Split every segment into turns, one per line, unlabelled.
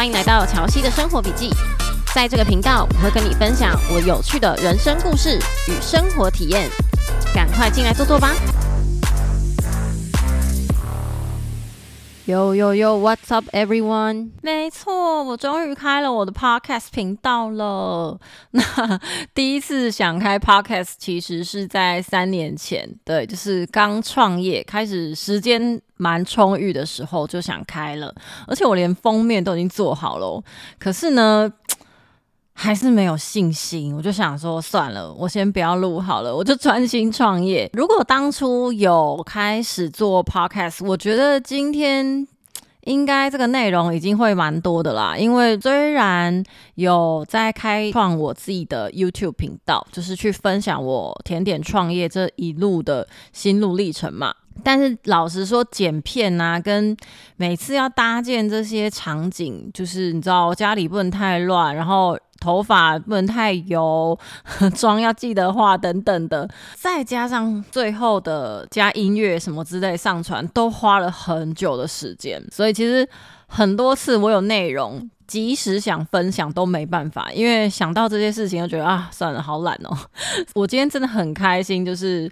歡迎來到蕎希的生活筆記，在這個頻道，我會跟你分享我有趣的人生故事與生活體驗，趕快進來坐坐吧。Yo Yo Yo，What's up, everyone？沒錯，我終於開了我的 Podcast 頻道了。那 第一次想開 Podcast，其實是在三年前，對，就是剛創業開始，時間蠻充裕的時候就想開了，而且我連封面都已經做好了。可是呢，還是沒有信心，我就想說算了，我先不要錄好了，我就專心創業。如果當初有開始做 podcast，我覺得今天應該這個內容已經會蠻多的啦。因為雖然有在開創我自己的 YouTube 頻道，就是去分享我甜點創業這一路的心路歷程嘛，但是老實說，剪片啊，跟每次要搭建這些場景，就是你知道我家裡不能太亂，然後。頭髮不能太油，妝要記得化等等的，再加上最後的加音樂什麼之類，上傳都花了很久的時間。所以其實很多次我有內容，即使想分享都沒辦法，因為想到這些事情就覺得啊，算了，好懶哦。 我今天真的很開心，就是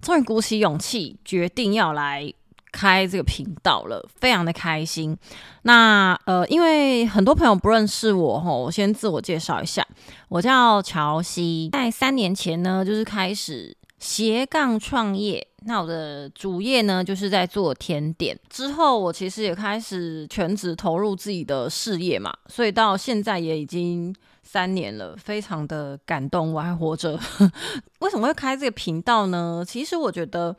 終於鼓起勇氣決定要來開這個頻道了，非常的開心。那呃，因為。很多朋友不認識我哈，我先自我介紹一下，我叫蕎希，在三年前呢，就是開始斜槓創業。那我的主業呢，就是在做甜點。之後我其實也開始全職投入自己的事業嘛，所以到現在也已經三年了，非常的感動，我還活着。 為什麼會開這個頻道呢？其實我覺得。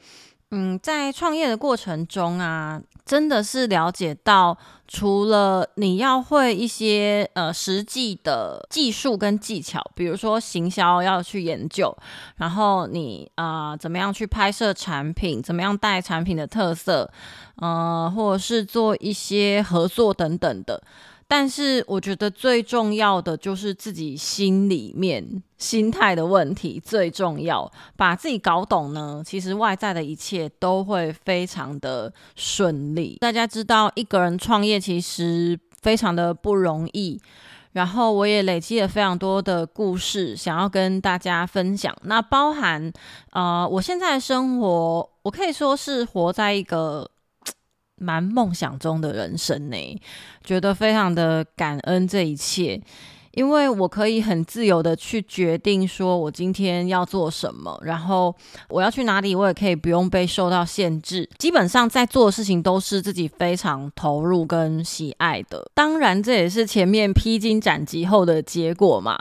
嗯，在創業的過程中啊，真的是了解到，除了你要會一些呃實際的技術跟技巧，比如說行銷要去研究，然後你啊，呃，怎麼樣去拍攝產品，怎麼樣帶產品的特色，呃，或者是做一些合作等等的。但是我覺得最重要的就是自己心裡面心態的問題最重要，把自己搞懂呢，其實外在的一切都會非常的順利。大家知道一個人創業其實非常的不容易，然後我也累積了非常多的故事想要跟大家分享。那包含呃，我現在的生活，我可以說是活在一個。蠻夢想中的人生呢，覺得非常的感恩這一切，因為我可以很自由的去決定說我今天要做什麼，然後我要去哪裡，我也可以不用被受到限制。基本上在做的事情都是自己非常投入跟喜愛的，當然這也是前面披荊斬棘後的結果嘛。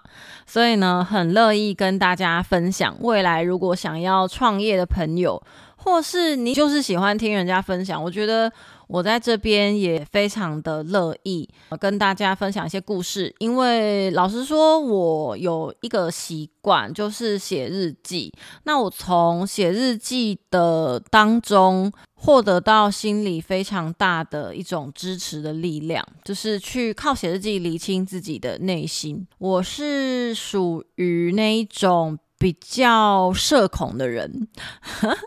所以呢，很樂意跟大家分享，未來如果想要創業的朋友。或是你就是喜歡聽人家分享，我覺得我在這邊也非常的樂意跟大家分享一些故事。因為老實說，我有一個習慣就是寫日記。那我從寫日記的當中獲得到心理非常大的一種支持的力量，就是去靠寫日記理清自己的內心。我是屬於那一種。比較社恐的人呵呵，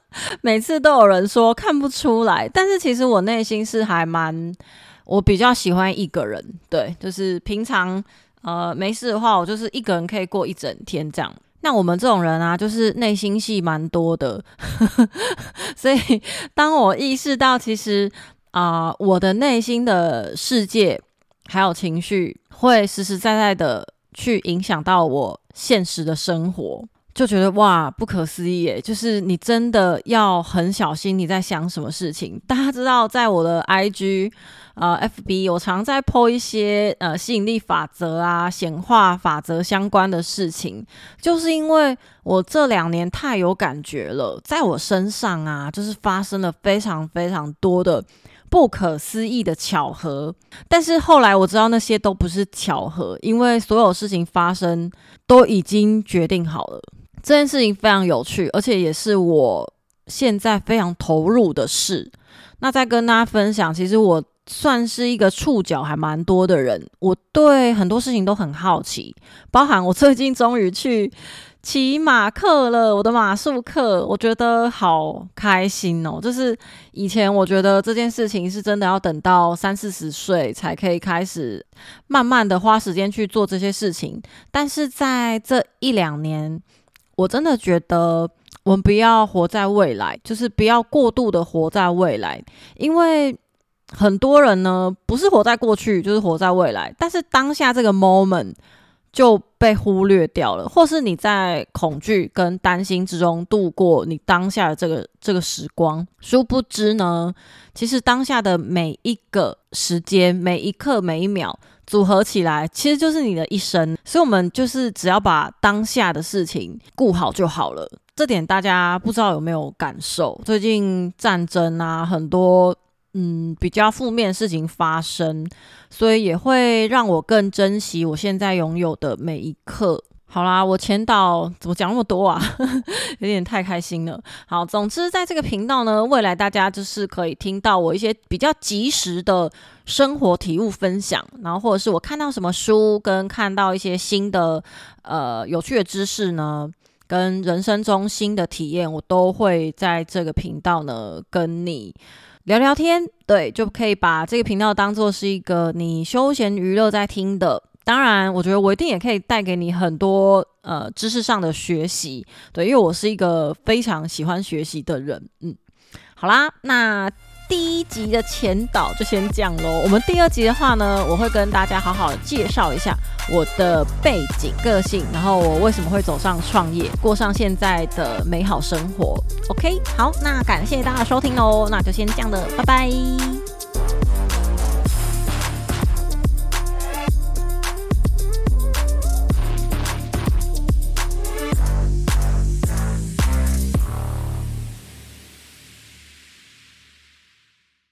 每次都有人說看不出來，但是其實我內心是還蠻我比較喜歡一個人，對，就是平常呃沒事的話，我就是一個人可以過一整天這樣。那我們這種人啊，就是內心戲蠻多的，呵呵，所以當我意識到其實啊，呃，我的內心的世界還有情緒會實實在在的去影響到我現實的生活。就覺得哇，不可思議耶！就是你真的要很小心你在想什麼事情。大家知道，在我的 IG 啊、呃、FB，我常在 po 一些呃吸引力法則啊、顯化法則相關的事情，就是因為我這兩年太有感覺了，在我身上啊，就是發生了非常非常多的不可思議的巧合。但是後來我知道那些都不是巧合，因為所有事情發生都已經決定好了。這件事情非常有趣，而且也是我現在非常投入的事。那再跟大家分享，其實我算是一個觸角還蠻多的人，我對很多事情都很好奇。包含我最近終於去騎馬課了，我的馬術課，我覺得好開心哦！就是以前我覺得這件事情是真的要等到三四十歲才可以開始，慢慢的花時間去做這些事情，但是在這一兩年。我真的覺得，我們不要活在未來，就是不要過度的活在未來。因為很多人呢，不是活在過去，就是活在未來。但是當下這個 moment 就被忽略掉了，或是你在恐懼跟擔心之中度過你當下的這個這個時光。殊不知呢，其實當下的每一個時間、每一刻、每一秒。組合起來，其實就是你的一生，所以我們就是只要把當下的事情顧好就好了。這點大家不知道有沒有感受？最近戰爭啊，很多嗯比較負面的事情發生，所以也會讓我更珍惜我現在擁有的每一刻。好啦，我簽到，怎麼講那麼多啊？ 有點太開心了。好，總之在這個頻道呢，未來大家就是可以聽到我一些比較及時的生活體悟分享，然後或者是我看到什麼書，跟看到一些新的呃有趣的知識呢，跟人生中新的體驗，我都會在這個頻道呢跟你聊聊天。對，就可以把這個頻道當做是一個你休閒娛樂在聽的。當然，我覺得我一定也可以帶給你很多呃知識上的學習，對，因為我是一個非常喜歡學習的人，嗯，好啦，那第一集的前導就先這樣嘍，我們第二集的話呢，我會跟大家好好介紹一下我的背景、個性，然後我為什麼會走上創業，過上現在的美好生活，OK，好，那感謝大家的收聽哦，那就先這樣了，拜拜。